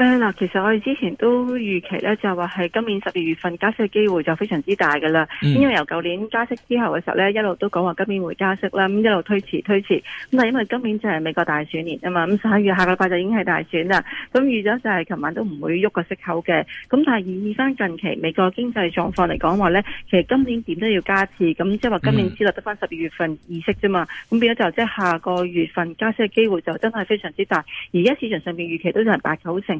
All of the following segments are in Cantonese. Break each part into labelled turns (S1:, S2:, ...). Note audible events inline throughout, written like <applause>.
S1: 嗱、嗯，其實我哋之前都預期咧，就係話係今年十二月份加息嘅機會就非常之大㗎啦。因為由舊年加息之後嘅時候咧，一路都講話今年會加息啦，咁一路推遲推遲。咁但係因為今年就係美國大選年啊嘛，咁十一月下個禮拜就已經係大選啦。咁預咗就係琴晚都唔會喐個息口嘅。咁但係以翻近期美國經濟狀況嚟講話咧，其實今年點都要加息。咁即係話今年只落得翻十二月份議息啫嘛。咁變咗就即係下個月份加息嘅機會就真係非常之大。而家市場上邊預期都係八九成。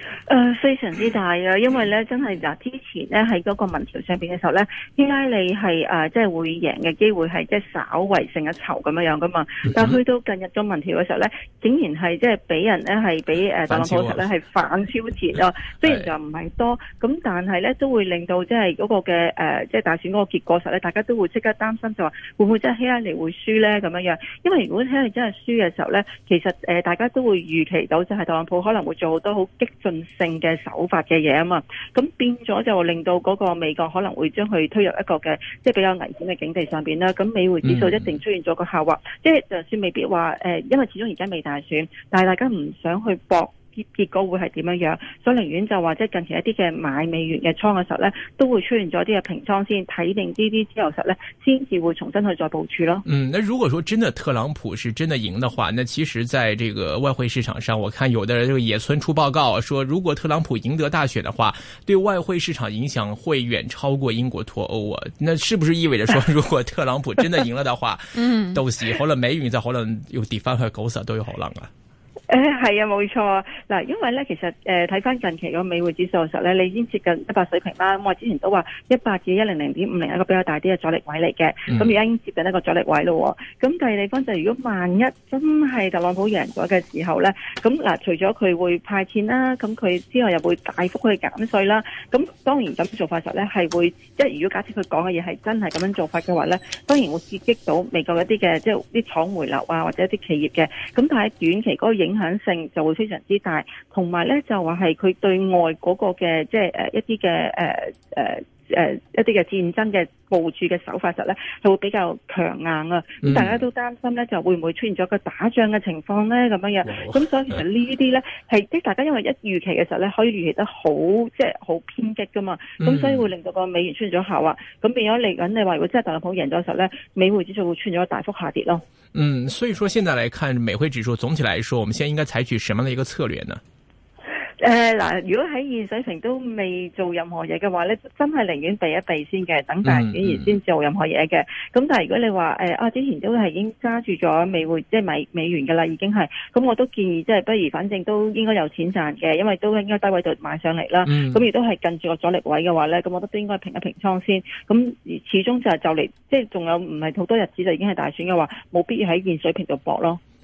S1: 誒、呃，非常之大啊！因為咧，真係嗱，之前咧喺嗰個民調上邊嘅時候咧，希拉里係誒，即係會贏嘅機會係即係稍為勝一籌咁樣樣噶嘛。但係去到近日中民調嘅時候咧，竟然係即係俾人咧係俾誒特朗普咧係反超前咯，啊，雖然就唔係多，咁但係咧都會令到即係嗰個嘅誒，即係、呃、大選嗰個結果實咧，大家都會即刻擔心就話會唔會真係希拉里會輸咧咁樣樣。因為如果希拉里真係輸嘅時候咧，其實誒，呃，大家都會預期到就係特朗普可能會做好多好激進。性嘅手法嘅嘢啊嘛，咁變咗就令到嗰個美國可能會將佢推入一個嘅即係比較危險嘅境地上邊啦。咁美匯指數一定出現咗個下滑，即係就算未必話誒，因為始終而家未大選，但係大家唔想去搏。結果會係點樣樣？所以寧願就話，即係近期一啲嘅買美元嘅倉嘅時候咧，都會出現咗啲嘅平倉先睇定呢啲之後實咧，先至會重新去再部署咯。
S2: 嗯，那如果說真的特朗普是真的贏的話，那其實在這個外匯市場上，我看有的人就野村出報告說，如果特朗普贏得大選的話，對外匯市場影響會遠超過英國脫歐啊。那是不是意味着說，如果特朗普真的贏了的話， <laughs> 嗯，到時可能美元就可能要跌翻去九十都有可能啊。
S1: 誒係啊，冇錯。嗱，因為咧，其實誒睇翻近期個美匯指數嘅時候咧，你已經接近一百水平啦。我之前都話一百至一零零點五零一個比較大啲嘅阻力位嚟嘅。咁而家已經接近一個阻力位咯。咁第二地方就係，如果萬一真係特朗普贏咗嘅時候咧，咁嗱，除咗佢會派錢啦，咁佢之後又會大幅去減稅啦。咁當然咁做法時候咧係會，即係如果假設佢講嘅嘢係真係咁樣做法嘅話咧，當然會刺激到美國一啲嘅即係啲廠回流啊，或者一啲企業嘅。咁但係短期嗰個影響。響性就會非常之大，同埋咧就話係佢對外嗰個嘅即係誒一啲嘅誒誒。誒、呃，一啲嘅戰爭嘅部署嘅手法實咧，係會比較強硬啊！咁、嗯、大家都擔心咧，就會唔會出現咗個打仗嘅情況咧咁樣嘅？咁、哦、所以其實呢啲咧係即係大家因為一預期嘅時候咧，可以預期得好即係好偏激噶嘛，咁所以會令到個美元出現咗下滑，咁變咗嚟緊你話，如果真係特朗普贏咗嘅時候咧，美匯指數會出現咗大幅下跌咯。嗯，
S2: 所以說現在來看，美匯指數總體嚟說，我們先在應該採取什麼樣嘅一個策略呢？
S1: 誒嗱、呃,如果喺現水平都未做任何嘢嘅話咧,真係寧願避一避先嘅,等大選完先做任何嘢嘅。咁、嗯嗯、但係如果你話誒啊之前都係已經揸住咗,美匯即係美美元噶啦,已經係,咁我都建議即係不如,反正都應該有錢賺嘅,因為都應該低位度買上嚟啦。咁亦都係近住個阻力位嘅話咧,咁我覺得都應該平一平倉先。咁始終就係就嚟,即係仲有唔係好多日子就已經係大選嘅話,冇必要喺現水平度搏咯。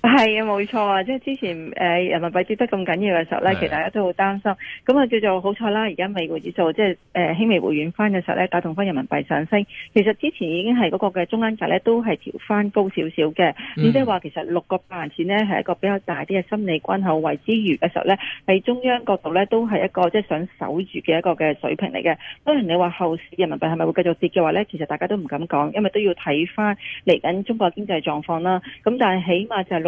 S1: 係啊，冇錯啊！即係之前，誒，人民幣跌得咁緊要嘅時候咧，其實大家都好擔心。咁啊的，那就叫做好彩啦！而家美股指數即係，誒、就是，輕微會遠回軟翻嘅時候咧，帶動翻人民幣上升。其實之前已經係嗰個嘅中間價咧，都係調翻高少少嘅。咁即係話，其實六個八元線咧，係一個比較大啲嘅心理關口，為之余嘅時候咧，喺中央角度咧，都係一個即係想守住嘅一個嘅水平嚟嘅。當然，你話後市人民幣係咪會繼續跌嘅話咧，其實大家都唔敢講，因為都要睇翻嚟緊中國經濟狀況啦。咁但係起碼就係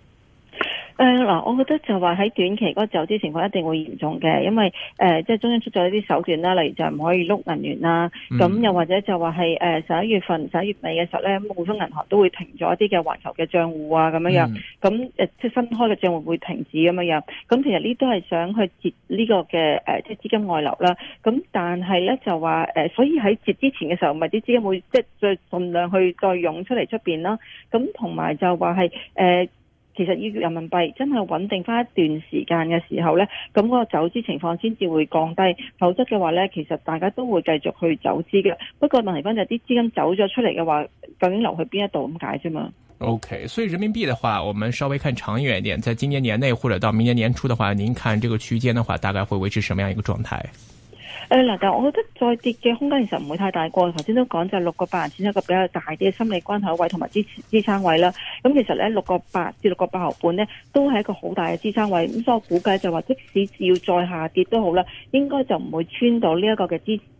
S1: 誒嗱、呃，我覺得就話喺短期嗰走資情況一定會嚴重嘅，因為誒、呃、即係中央出咗一啲手段啦，例如就唔可以碌銀聯啦，咁、嗯、又或者就話係誒十一月份十一月尾嘅時候咧，普通銀行都會停咗一啲嘅環球嘅帳戶啊，咁樣樣，咁誒、嗯、即係新開嘅帳戶會停止咁樣樣，咁其實呢都係想去截呢個嘅即係資金外流啦。咁但係咧就話、呃、所以喺截之前嘅時候，咪啲資金會即係盡量去再湧出嚟出邊啦。咁同埋就話係誒。呃其實要人民幣真係穩定翻一段時間嘅時候咧，咁、那、嗰個走資情況先至會降低，否則嘅話咧，其實大家都會繼續去走資嘅。不過問題翻就係啲資金走咗出嚟嘅話，究竟流去邊一度咁解啫嘛
S2: ？OK，所以人民幣嘅話，我們稍微看長遠一點，在今年年內或者到明年年初嘅話，您看這個區間嘅話，大概會維持什麼樣一個狀態？
S1: 誒嗱、嗯，但係我覺得再跌嘅空間其實唔會太大。過頭先都講就六個八係一個比較大啲嘅心理關口位同埋支支撐位啦。咁、嗯、其實咧六個八至六個八毫半咧，都係一個好大嘅支撐位。咁所以我估計就話即使要再下跌都好啦，應該就唔會穿到呢一個嘅支撐。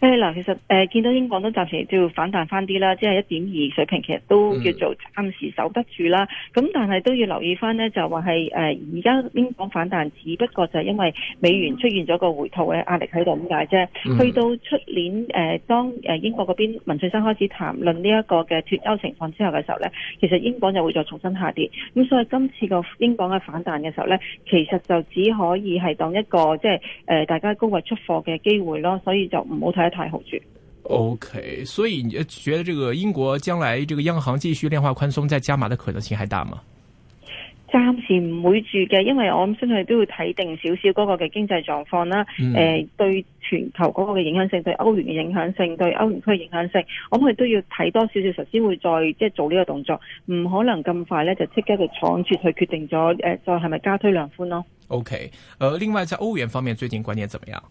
S1: 誒，嗱，其實誒、呃，見到英鎊都暫時要反彈翻啲啦，即係一點二水平，其實都叫做暫時守得住啦。咁、嗯、但係都要留意翻咧，就話係誒而家英鎊反彈，只不過就係因為美元出現咗個回吐嘅壓力喺度咁解啫。嗯、去到出年誒、呃，當英國嗰邊文翠珊開始談論呢一個嘅脫歐情況之後嘅時候咧，其實英鎊就會再重新下跌。咁所以今次個英鎊嘅反彈嘅時候咧，其實就只可以係當一個即係、呃、大家高位出貨嘅機會咯，所以就唔好睇。太
S2: 好住 O K，所以你覺得這個英國將來這個央行繼續量化寬鬆再加碼的可能性還大嗎？
S1: 暫時唔會住嘅，因為我相信都要睇定少少嗰個嘅經濟狀況啦。誒、嗯呃，對全球嗰個嘅影響性，對歐元嘅影響性，對歐元區嘅影響性，我哋都要睇多少少，時先會再即係做呢個動作，唔可能咁快呢，就即刻就倉卒去決定咗誒，再係咪加推量寬咯。O、
S2: okay, K，、呃、另外在歐元方面，最近觀點怎麼樣？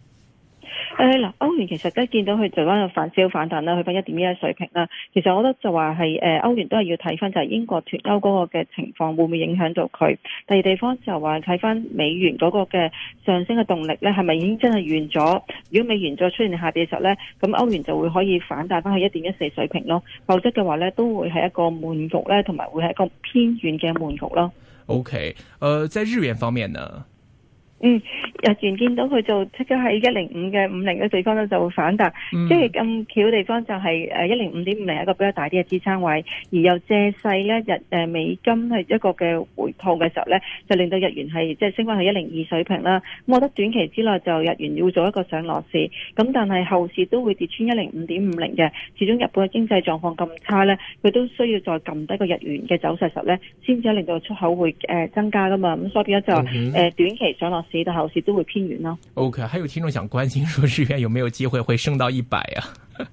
S1: 誒，嗱、嗯，歐元其實都見到佢就嗰個反消反彈啦，去翻一點一水平啦。其實我覺得就話係，誒，歐元都係要睇翻就係英國脫歐嗰個嘅情況會唔會影響到佢。第二地方就話睇翻美元嗰個嘅上升嘅動力咧，係咪已經真係完咗？如果美元再出現下跌嘅時候咧，咁歐元就會可以反彈翻去一點一四水平咯。否則嘅話咧，都會係一個悶局咧，同埋會係一個偏遠嘅悶局咯。
S2: OK，誒、呃，在日元方面呢？
S1: 嗯，日元見到佢就即刻喺一零五嘅五零嘅地方咧，就會反彈。即係咁巧嘅地方就係誒一零五點五零係一個比較大啲嘅支撐位，而又借勢咧日、呃、美金係一個嘅回吐嘅時候咧，就令到日元係即係升翻去一零二水平啦。咁我覺得短期之內就日元要做一個上落市，咁但係後市都會跌穿一零五點五零嘅。始終日本嘅經濟狀況咁差咧，佢都需要再撳低一個日元嘅走勢時候咧，先至令到出口會、呃、增加噶嘛。咁所以變咗就誒、嗯哼呃、短期上落。市道後市都會偏
S2: 軟咯。OK，還有聽眾想關心，說日元有沒有機會會升到一百啊？誒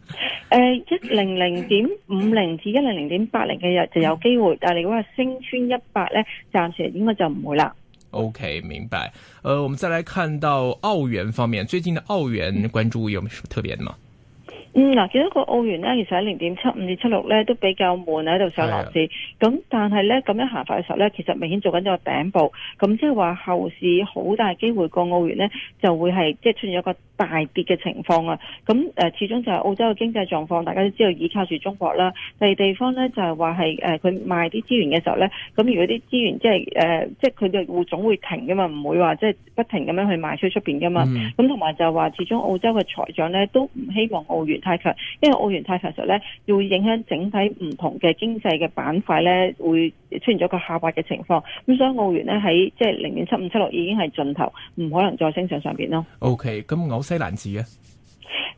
S2: <laughs> 、
S1: 呃，一零零點五零至一零零點八零嘅日就有機會， <coughs> 但係如果話升穿一百咧，暫時應該就唔會啦。
S2: OK，明白。呃，我們再來看到澳元方面，最近的澳元關注有，有什麼特別的嗎？嗯嗯
S1: 嗯嗱，見到個澳元咧，其實喺零點七五至七六咧，都比較悶喺度上落市。咁的但係咧，咁樣行法嘅時候咧，其實明顯做緊一個頂部。咁即係話後市好大機會個澳元咧，就會係即係出現一個大跌嘅情況啊。咁誒、呃，始終就係澳洲嘅經濟狀況，大家都知道依靠住中國啦。第二地方咧就係話係誒，佢、呃、賣啲資源嘅時候咧，咁如果啲資源即係誒，即係佢哋戶總會停噶嘛，唔會話即係不停咁樣去賣出去出邊噶嘛。咁同埋就係話始終澳洲嘅財長咧，都唔希望澳。澳元太強，因為澳元太強時候咧，會影響整體唔同嘅經濟嘅板塊咧，會出現咗個下滑嘅情況。咁所以澳元咧喺即係零點七五七六已經係盡頭，唔可能再升上上邊咯。
S2: OK，咁紐西蘭紙啊？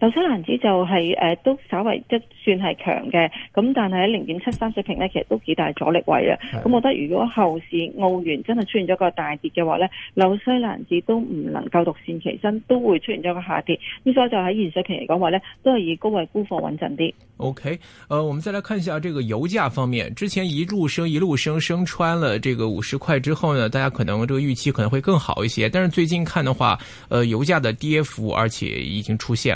S1: 紐西蘭紙就係、是、誒、呃，都稍微即算係強嘅，咁但係喺零點七三水平呢，其實都幾大阻力位啊。咁的我覺得如果後市澳元真係出現咗個大跌嘅話呢，紐西蘭紙都唔能夠獨善其身，都會出現咗個下跌。咁所以就喺現水平嚟講話呢，都係以高位沽貨穩陣啲。
S2: OK，、呃、我們再來看一下這個油價方面，之前一路升一路升，升穿了這個五十塊之後呢，大家可能這個預期可能會更好一些。但是最近看的話，呃、油價的跌幅而且已經出現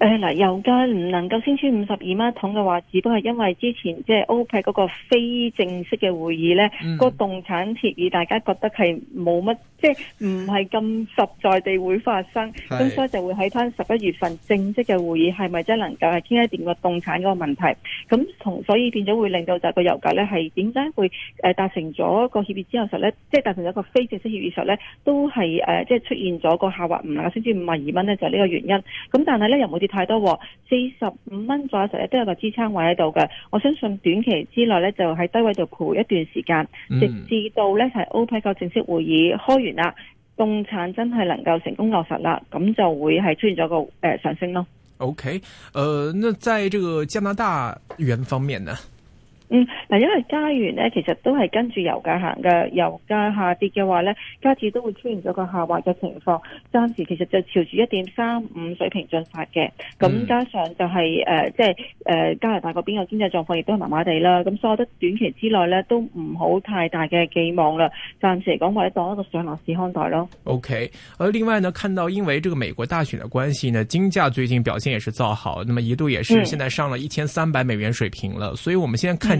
S1: 誒嗱、呃，油價唔能夠升穿五十二蚊一桶嘅話，只不過係因為之前即係 OPEC 嗰個非正式嘅會議咧，嗯、個凍產協議大家覺得係冇乜，即係唔係咁實在地會發生，咁、嗯、所以就會喺返十一月份正式嘅會議係咪真能夠係傾掂個凍產嗰個問題？咁同所以變咗會令到就係個油價咧係點解會誒達成咗個協議之後實咧，即、就、係、是、達成咗個非正式協議時候咧，都係即係出現咗個下滑，唔能夠升穿五十二蚊咧，就係、是、呢個原因。咁但係咧又冇啲，有太多四十五蚊左右，成日都有個支撐位喺度嘅。我相信短期之內咧，就喺低位度盤一段時間，直至到咧係 OPEC 個正式會議開完啦，凍產真係能夠成功落實啦，咁就會係出現咗個誒、呃、上升咯。
S2: OK，誒、呃，那在這個加拿大元方面呢？
S1: 嗯，嗱，因為加元咧，其實都係跟住油價行嘅，油價下跌嘅話咧，加治都會出現咗個下滑嘅情況。暫時其實就朝住一點三五水平進發嘅，咁、嗯嗯、加上就係、是、誒，即係誒，加拿大嗰邊嘅經濟狀況亦都係麻麻地啦。咁所以我覺得短期之內咧，都唔好太大嘅寄望啦。暫時嚟講，或者當一個上落市看待咯。
S2: OK，而另外呢，看到因為這個美國大選嘅關係呢，金價最近表現也是造好，那麼一度也是現在上了一千三百美元水平了。嗯、所以，我們先看、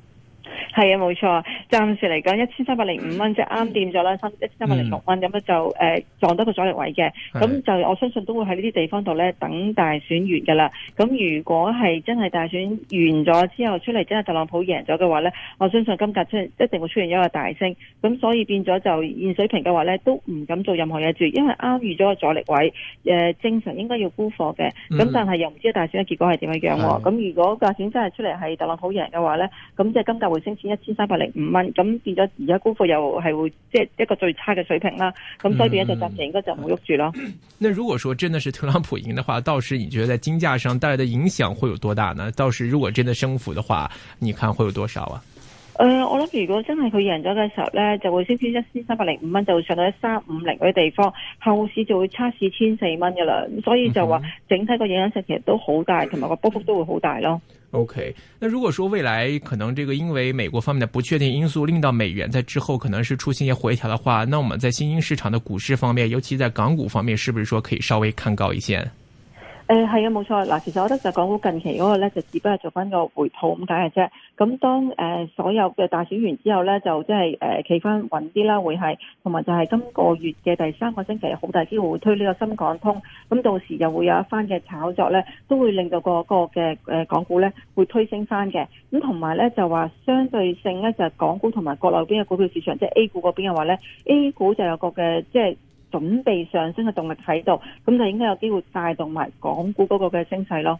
S1: 係啊，冇錯。暫時嚟講，一千三百零五蚊即啱掂咗啦，一千三百零六蚊咁樣就誒、是嗯呃、撞到個阻力位嘅。咁的就我相信都會喺呢啲地方度咧，等大選完㗎啦。咁如果係真係大選完咗之後出嚟，真係特朗普贏咗嘅話咧，我相信金價出一定會出現一個大升。咁所以變咗就現水平嘅話咧，都唔敢做任何嘢住，因為啱遇咗個阻力位。正、呃、常應該要沽貨嘅。咁、嗯、但係又唔知大選嘅結果係點樣樣喎？咁的如果價錢真係出嚟係特朗普贏嘅話咧，咁即係金價會升。千一千三百零五蚊，咁變咗而家沽貨又係會即係一個最差嘅水平啦。咁所以變咗就暫時應該就冇喐住咯。
S2: 那如果說真的是特朗普贏嘅話，到時你覺得在金價上帶來的影響會有多大呢？到時如果真的升幅嘅話，你看會有多少啊？
S1: 誒、呃，我諗如果真係佢贏咗嘅時候咧，就會升至一千三百零五蚊，就會上到一三五零嗰啲地方，後市就會測試千四蚊噶啦。咁所以就話整體個影響性其實都好大，同埋個波幅都會好大咯。
S2: OK，那如果說未來可能這個因為美國方面的不確定因素令到美元在之後可能是出現一些回調的話，那我們在新興市場的股市方面，尤其在港股方面，是不是說可以稍微看高一些？
S1: 誒係啊，冇、嗯、錯。嗱，其實我覺得就港股近期嗰個咧，就只不過做翻個回吐咁解嘅啫。咁當誒、呃、所有嘅大選完之後咧，就即係誒企翻穩啲啦，會係同埋就係今個月嘅第三個星期，好大機會推呢個深港通。咁到時又會有一番嘅炒作咧，都會令到個個嘅港股咧會推升翻嘅。咁同埋咧就話相對性咧，就係、港股同埋國內邊嘅股票市場，即、就、係、是、A 股嗰邊嘅話咧，A 股就有個嘅即係。就是準備上升嘅動力喺度，咁就應該有機會帶動埋港股嗰個嘅升勢咯。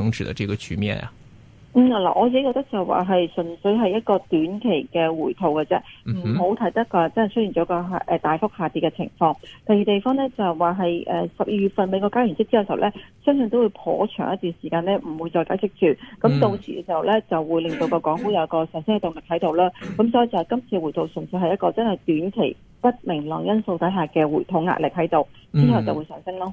S2: 停止的這個局面啊，
S1: 嗯嗱，我自己覺得就話係純粹係一個短期嘅回吐嘅啫，唔好睇得噶，真係出現咗個誒大幅下跌嘅情況。第二地方咧就話係誒十二月份美國加完息之後咧，相信都會頗長一段時間咧唔會再加息住，咁到時嘅時候咧就會令到個港股有個上升嘅動力喺度啦。咁所以就係今次回吐純粹係一個真係短期不明朗因素底下嘅回吐壓力喺度，之後就會上升咯。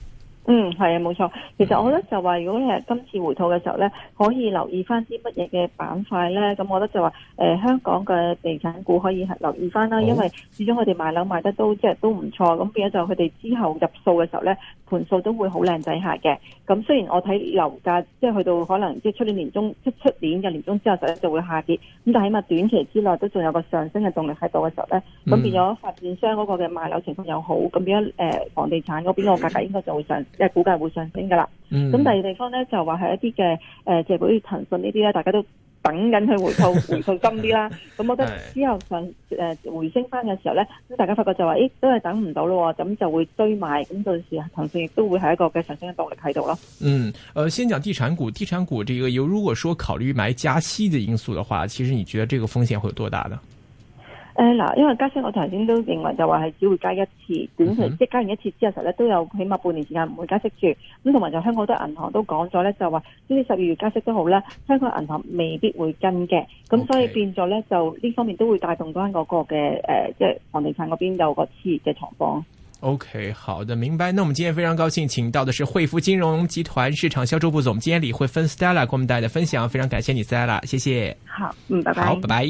S1: 嗯，係啊，冇錯。其實我覺得就話，如果係今次回吐嘅時候咧，可以留意翻啲乜嘢嘅板塊咧。咁我覺得就話，誒、呃、香港嘅地產股可以留意翻啦。因為始終佢哋賣樓賣得都即係都唔錯。咁變咗就佢哋之後入數嘅時候咧，盤數都會好靚仔下嘅。咁雖然我睇樓價，即係去到可能即係出年年中，即係出年嘅年中之後就就會下跌。咁但係起碼短期之內都仲有個上升嘅動力喺度嘅時候咧，咁變咗發展商嗰個嘅賣樓情況又好，咁變咗誒、呃、房地產嗰邊個價格，格應該就會上升。誒，估計會上升噶啦。咁、嗯、第二個地方咧就話係一啲嘅，誒，即係比如騰訊呢啲咧，大家都等緊佢回購 <laughs> 回購金啲啦。咁我覺得之後上誒、 <laughs> 呃、回升翻嘅時候咧，咁大家發覺就話，咦、哎，都係等唔到咯。咁就會堆埋，咁到時騰訊亦都會係一個嘅上升嘅動力喺度咯。嗯、誒、
S2: 呃，先講地產股，地產股這個，由如果說考慮埋加息的因素的話，其實你覺得這個風險會有多大呢？
S1: 誒嗱，因為加息我頭先都認為就話係只會加一次，短期即係、嗯、哼加完一次之後咧，都有起碼半年時間唔會加息住。咁同埋就香港好多銀行都講咗咧，就話呢啲十二月加息都好咧，香港銀行未必會跟嘅。咁 Okay. 所以變咗咧，就呢方面都會帶動翻嗰個嘅誒，即係房地產嗰邊有個次嘅
S2: 狀況。OK，好的，明白。那我們今天非常高興，請到的是匯富金融集團市場銷售部總監李慧芬 Stella，給我們大家分享。非常感謝你 Stella，謝謝。好，嗯，拜拜，好，拜拜。